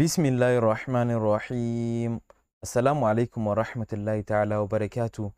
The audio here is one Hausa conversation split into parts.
bismillahir rahmanir rahim assalamu alaikum wa rahmatullahi ta'ala wa barakatu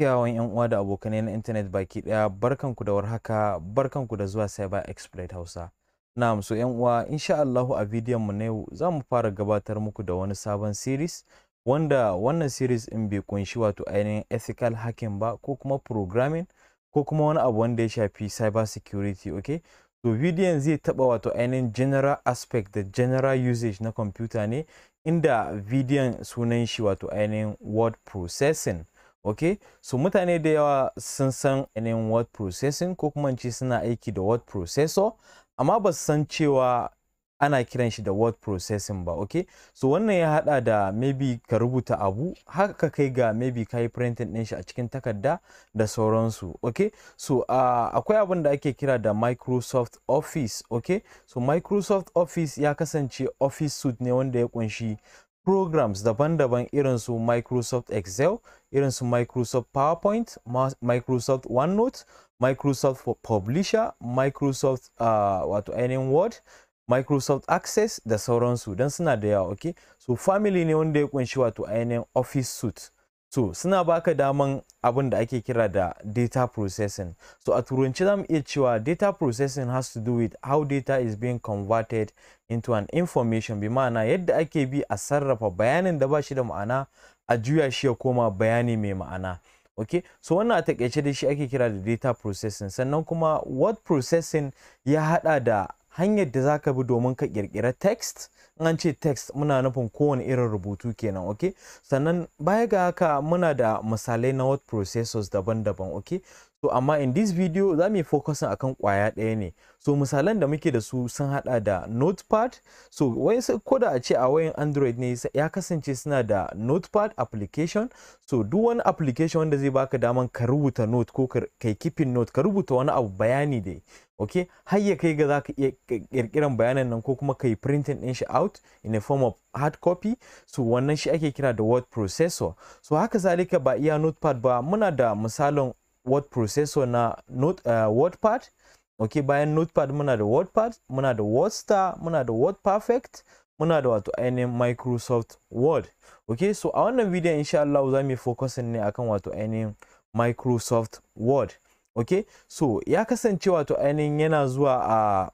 kiyawan yan uwa da abokanai na intanet baki daya barkanku da warhaka barkanku da zuwa cyber exploit hausa na'am so yan uwa insha Allahu a bidiyon mu na yau za fara gabatar muku da wani sabon series wanda wannan series in bai kunshi wato ainihin ethical hacking ba ko kuma programming ko kuma wani abu wanda ya shafi cyber security okay to bidiyon zai taba wato ainihin general aspect da general usage na computer ne inda bidiyon sunan shi wato ainihin word processing ok so mutane da yawa sun san ainihin word processing ko kuma ce suna aiki da word processor amma ba su san cewa ana kiran shi da word processing ba okay so wannan ya hada da maybe ka rubuta abu haka ka kai ga maybe ka yi printing din shi a cikin takarda da sauransu okay so uh, akwai abin da ake kira da Microsoft Office okay so Microsoft Office ya kasance Office suite ne wanda ya kunshi programs daban-daban irin su Microsoft Excel, irin su Microsoft PowerPoint, Microsoft OneNote, Microsoft Publisher, Microsoft uh, wato ainihin Word Microsoft Access da sauransu don suna da yawa okay so family ne wanda ya kunshi wato ainihin office suite so suna baka daman abin da ake kira da data processing so a turanci zamu iya cewa data processing has to do with how data is being converted into an information bi ma'ana yadda ake bi a sarrafa bayanin da ba shi da ma'ana a juya shi ya koma bayani mai ma'ana okay so wannan a takaice da shi ake kira da data processing sannan kuma word processing ya hada da hanyar da zaka bi domin ka kirkira text in an ce text muna nufin kowane irin rubutu kenan ok sannan baya ga haka muna da misalai na word processors daban-daban ok So amma in this video za mu yi focusing akan kwaya ɗaya ne. So misalan da muke da su sun hada da notepad. So wai ko da a ce a wayan android ne ya kasance suna da notepad application. So duk wani application wanda zai baka daman ka rubuta note ko kai keeping note ka rubuta wani abu bayani dai. okay har ya kai ga za ka iya kirkiran bayanan nan ko kuma kai printing din shi out in a form of hard copy so wannan shi ake kira da word processor so haka zalika ba iya notepad ba muna da misalin word processor na not, uh, eh, wordpad ok bayan notepad muna da wordpad muna da wordstar muna da word perfect muna da wato ainihin microsoft word ok so a wannan bidiyon insha Allah za mu focus ne akan wato ainihin microsoft word ok so ya kasance wato ainihin yana zuwa a uh,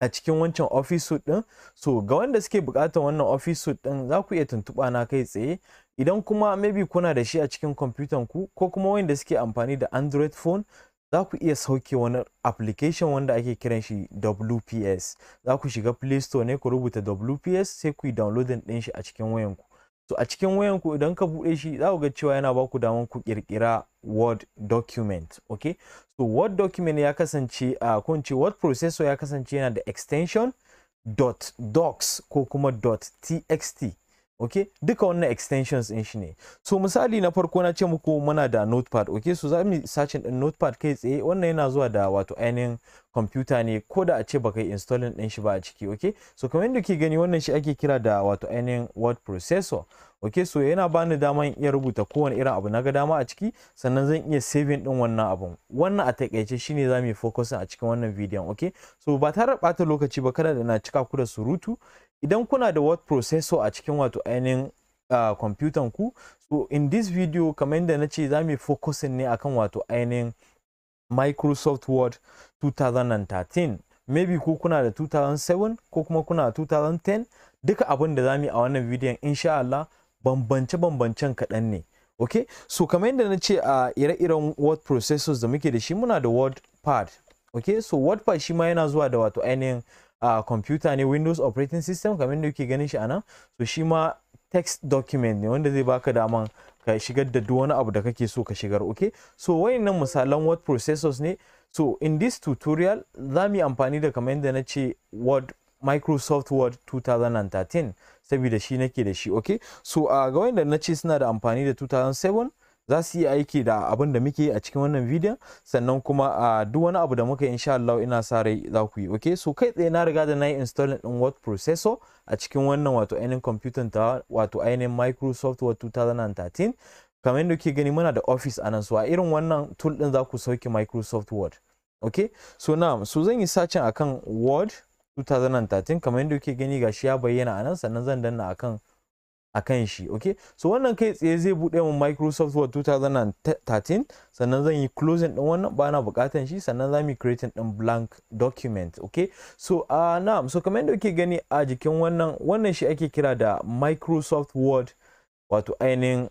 a cikin wancan office suit din so ga wanda suke bukatar wannan office suit din za ku iya tuntuɓa na kai tsaye idan kuma maybe kuna da shi a cikin computer ku ko kuma wanda suke amfani da android phone za ku iya sauke wani application wanda ake kiran shi WPS za ku shiga Play Store ne ku rubuta WPS sai ku yi downloading din shi a cikin wayanku so a cikin wayanku idan ka bude shi za ku ga cewa yana baku ku damar ku ƙirƙira word document okay so word document ya kasance a ah, kunce word processor ya kasance yana da extension dot docs ko kuma dot txt okay duka wannan extensions in shi ne so misali na farko na ce muku muna da notepad okay so za mu search din notepad kai tsaye wannan yana zuwa da wato ainihin computer ne ko da a ce baka yi installing din shi ba a ciki okay so kamar yadda ke gani wannan shi ake kira da wato ainihin word processor okay so yana bani in iya rubuta kowane irin abu na ga dama a ciki sannan zan iya saving din wannan abun wannan a takaice shine za mu yi focusing a cikin wannan bidiyon okay so ba tare da ɓata lokaci ba kada da na cika ku da surutu idan kuna da word processor a cikin wato ainihin kwamfutan ku so in this video kamar yadda na ce za mu focusing ne akan wato ainihin microsoft word 2013 maybe ko kuna da 2007 ko kuma kuna da 2010 duka abin da za mu yi a wannan bidiyon insha Allah bambance-bambancen kaɗan ne okay so kamar yadda na ce a ire-iren word processors da muke da shi muna da word pad okay so word pad shi ma yana zuwa da wato ainihin a computer ne windows operating system kamar da kuke ganin shi anan nan so shi ma text document ne wanda zai baka daman ka shigar da duk wani abu da kake so ka shigar okay so wayannan misalan word processors ne so in this tutorial za mu amfani da kamar yadda na ce word Microsoft Word 2013 saboda shi nake da shi okay so a uh, ga wanda na ce suna da amfani da 2007 za su yi aiki da abin da muke a cikin wannan bidiyon sannan kuma a duk wani abu da muka yi insha Allah ina sa rai za ku yi okay so kai tsaye na riga da na yi installing din word processor a cikin wannan wato ainihin computer ta wato ainihin Microsoft Word 2013 kamar yadda kuke gani muna da office anan so a irin wannan tool din za ku sauke Microsoft Word okay so na so zan yi sacin akan Word 2013 kamar yadda kuke gani gashi ya bayyana anan sannan zan danna akan a kan shi okay so wannan kai tsaye zai buɗe mu Microsoft Word 2013 sannan zan yi closing din wannan ba na bukatan shi sannan za mu creating ɗin blank document okay so uh, ah, na so kamar yadda kuke gani a jikin wannan wannan shi ake kira da Microsoft Word wato ainihin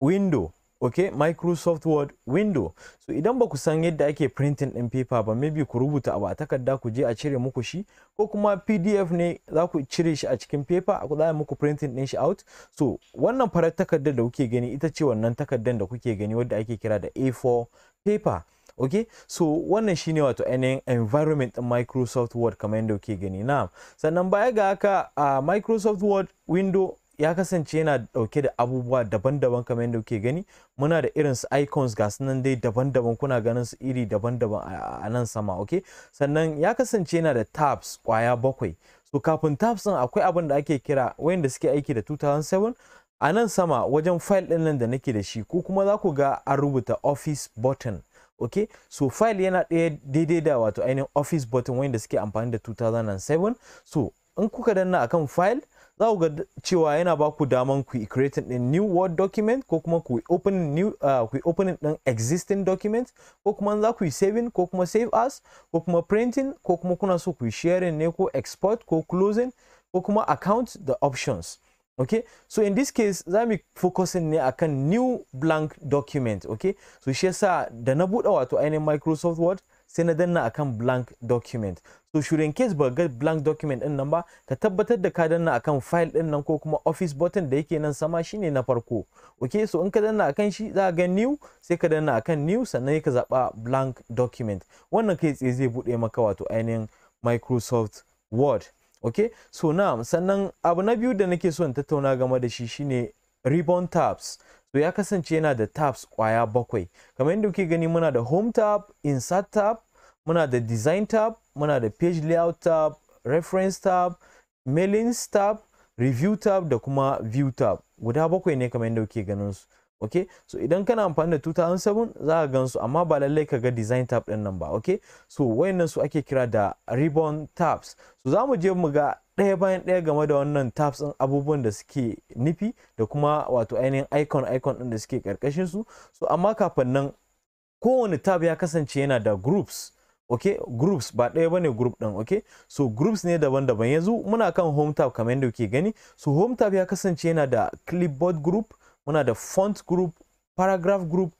window okay microsoft word window so idan ba ku san yadda ake printing din paper ba maybe ku rubuta abu a takarda ku je a cire muku shi ko kuma pdf ne za ku cire shi a cikin paper a za muku printing din shi out so wannan farar takardar da kuke gani ita ce wannan takardar da kuke gani wadda ake kira da a4 paper okay so wannan shine wato ainihin environment din microsoft word kamar yadda kuke gani na sannan baya ga haka a microsoft word window ya kasance yana dauke da abubuwa daban-daban kamar yadda kuke gani muna da irin su icons ga nan dai daban-daban kuna ganin su iri daban-daban a nan sama ok sannan ya kasance yana da tabs kwaya bakwai so kafin tabs din akwai abin da ake kira wayanda suke aiki da 2007 a nan sama wajen file din nan da nake da shi ko kuma za ku ga an rubuta office button ok so file yana ɗaya daidai da wato ainihin office button wayanda suke amfani da 2007 so in kuka danna akan file za ku ga cewa yana ba ku daman ku creating din new word document ko kuma ku open new ah, ku open din existing document ko kuma za ku saving ko kuma save as ko kuma printing ko kuma kuna so ku sharing ne ko export ko closing ko kuma account the options okay so in this case za mu focusing ne akan new blank document okay so shi yasa da na buɗe wato ainihin microsoft word sai na danna akan blank document so sure in case ba ga blank document din nan ba ka tabbatar da ka danna akan file din nan ko kuma office button da yake nan sama shine na farko okay so in ka danna akan shi za ga new sai ka danna akan new sannan ka zaba blank document wannan kai tsaye zai bude maka wato ainihin Microsoft Word okay so na sannan abu na biyu da nake so in tattauna game da shi shine ribbon tabs to ya kasance yana da tabs kwaya bakwai kamar yadda kuke gani muna da home tab insert tab muna da design tab muna da page layout tab reference tab mailings tab review tab da kuma view tab guda bakwai ne kamar yadda kuke ganin su okay so idan kana amfani da 2007 za ka gan su amma ba lallai ka ga design tab din nan ba okay so wayannan su ake kira da ribbon tabs so za mu je mu ga ɗaya bayan ɗaya game da wannan tabs ɗin abubuwan da suke nufi da kuma wato ainihin icon icon ɗin da suke karkashin su so amma kafin nan kowane tab ya kasance yana da groups okay groups ba ɗaya bane ne group ɗin okay so groups ne daban-daban yanzu muna kan home tab kamar yadda kuke gani so home tab ya kasance yana da clipboard group muna da font group paragraph group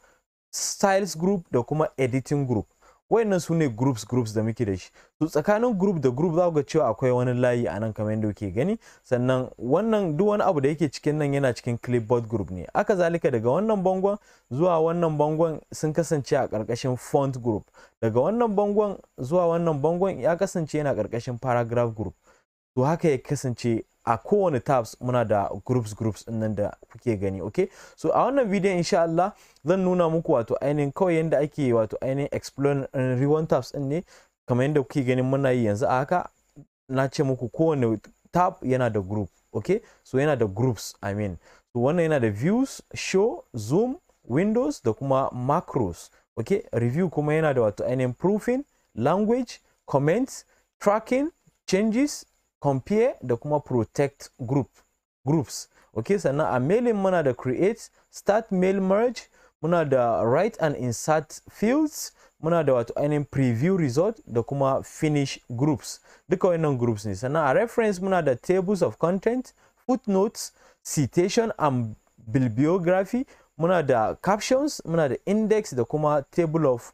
styles group da kuma editing group wayannan su ne groups groups da muke da shi to tsakanin group da group za ku ga cewa akwai wani layi a nan kamar yadda kuke gani sannan wannan duk wani abu da yake cikin nan yana cikin clipboard group ne aka zalika daga wannan bangon zuwa wannan bangon sun kasance a karkashin font group daga wannan bangon zuwa wannan bangon ya kasance yana karkashin paragraph group to haka ya kasance a kowane tabs muna da groups groups nan da kuke gani okay so a wannan bidiyon insha Allah zan nuna muku wato ainihin kawai yadda ake wato ainihin explore rewind tabs din ne kamar yadda kuke gani muna yi yanzu a haka na ce muku kowane tab yana da group okay so yana da groups i mean so wannan yana da views show zoom windows da kuma macros okay review kuma yana da wato ainihin proofing language comments tracking changes compare da kuma protect group groups okay sannan a mailin muna da create start mail merge muna da write and insert fields muna da wato ainihin preview result da kuma finish groups duka wannan groups ne sannan a reference muna da tables of content footnotes citation and bibliography muna da captions muna da index da kuma table of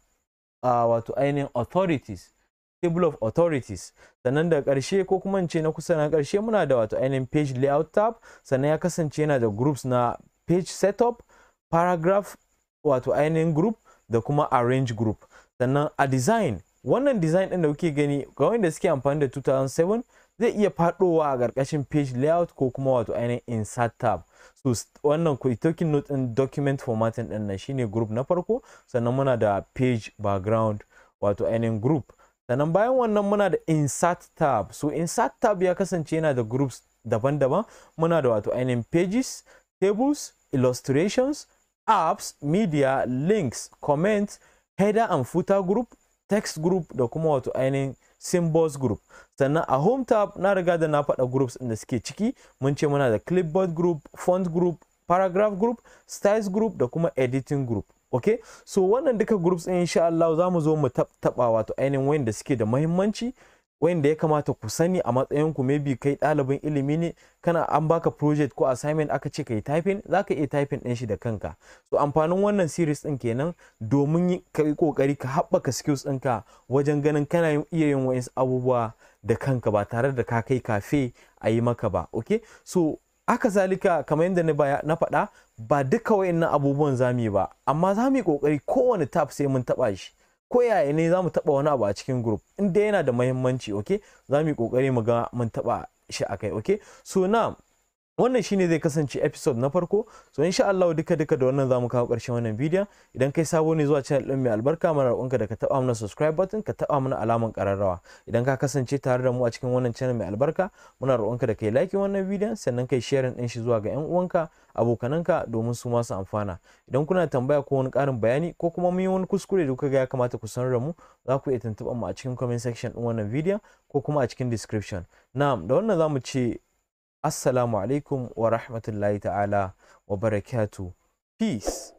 uh, wato ainihin authorities table of authorities sannan da ƙarshe ko kuma ce na kusa na ƙarshe muna da wato ainihin page layout tab sannan ya kasance yana da groups na page setup paragraph wato ainihin group da kuma arrange group sannan a design wannan design ɗin da kuke gani ga wanda suke amfani da 2007 zai iya fadowa a ƙarƙashin page layout ko kuma wato ainihin insert tab so wannan ku talking note in document formatting ɗin nan shine group na farko sannan muna da page background wato ainihin group sannan bayan wannan muna da insert tab so insert tab ya kasance yana da groups daban-daban muna da wato ainihin pages tables illustrations apps media links comments header and footer group text group da kuma wato ainihin symbols group sannan a home tab na riga da na faɗa groups da suke ciki mun ce muna da clipboard group font group paragraph group styles group da kuma editing group ok so wannan duka groups in insha Allah za mu zo mu taba wato ainihin wayanda suke da muhimmanci wayanda ya kamata ku sani a matsayin ku maybe kai dalibin ilimi ne kana an baka project ko assignment aka ce kai typing za ka iya typing ɗin shi da kanka so amfanin wannan series din kenan domin kai kokari ka haɓaka skills ɗinka wajen ganin kana iya yin wayansu abubuwa da kanka ba tare da ka kai kafe a yi maka ba okay so aka zalika kamar yadda na faɗa ba duka wayannan abubuwan zamu ba amma za mu yi kokari kowane tap sai mun taɓa shi ko yaya ne za mu taba wani abu a cikin group inda yana da muhimmanci okay za mu yi ƙoƙari mu ga mun taɓa shi akai okay so now wannan shine zai kasance episode na farko so insha Allah duka duka da wannan zamu kawo karshen wannan bidiyon idan kai sabo ne zuwa channel din mai albarka mana roƙonka da ka taba mana subscribe button ka taba mana alamar ƙararrawa idan ka kasance tare da mu a cikin wannan channel mai albarka muna roƙonka da kai like wannan bidiyon sannan kai sharing din shi zuwa ga yan uwanka abokananka domin su ma su amfana idan kuna tambaya ko wani ƙarin bayani ko kuma mun yi wani kuskure da kuka ga ya kamata ku sanar da mu za ku iya tuntuɓar mu a cikin comment section din wannan bidiyon ko kuma a cikin description na'am da wannan zamu ce السلام عليكم ورحمة الله تعالى وبركاته Peace.